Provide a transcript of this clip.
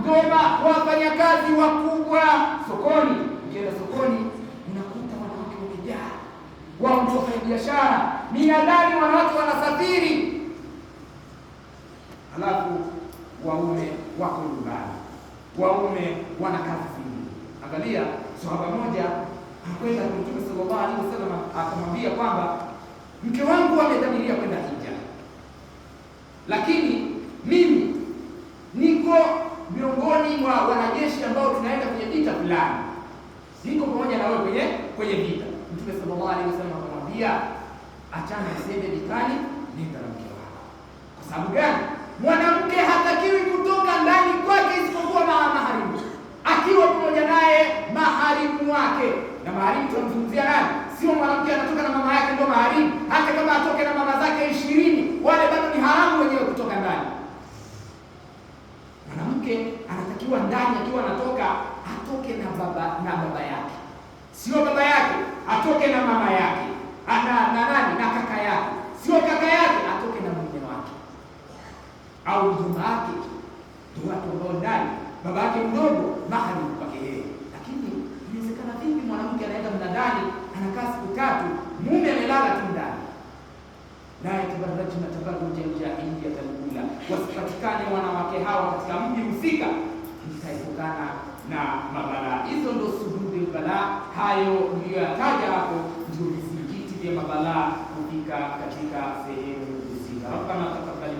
ndoma wafanyakazi wakubwa sokoni. Ukienda sokoni unakuta wanawake wamejaa, wao ndio biashara, Ni nadhani wanawake wanasafiri, alafu waume wako nyumbani, waume wana kazi zingi. Angalia sahaba moja akwenda kwa Mtume sallallahu alaihi wasallam akamwambia kwamba mke wangu amedhamiria kwenda wa wanajeshi ambao tunaenda kwenye vita fulani, ziko pamoja na wewe kwenye kwenye vita. Mtume sallallahu alaihi wasallam akamwambia, achana asiende vitani, nenda na mke wako. Kwa sababu gani? Mwanamke hatakiwi kutoka ndani kwake isipokuwa na maharimu, akiwa pamoja naye maharimu wake. Na maharimu tunamzungumzia nani? Sio mwanamke anatoka na mama yake ndio maharimu, hata kama akiwa ndani, akiwa anatoka atoke na baba na baba yake, sio baba yake, atoke na mama yake na nani na kaka yake, sio kaka yake, atoke na mume wake au mjomba wake, ndio watu ambao ndani baba yake mdogo mahali kwake yeye. Lakini inawezekana vipi mwanamke anaenda mnadani, anakaa siku tatu, mume amelala tu ndani naye tabarrajna tabarruja india talikula, wasipatikane wanawake hawa katika mji husika kutokana na mabalaa. Hizo ndo suhudul balaa, hayo niliyoyataja hapo ndio vizingiti vya mabalaa kufika katika sehemu husika. Rabbana taqabbal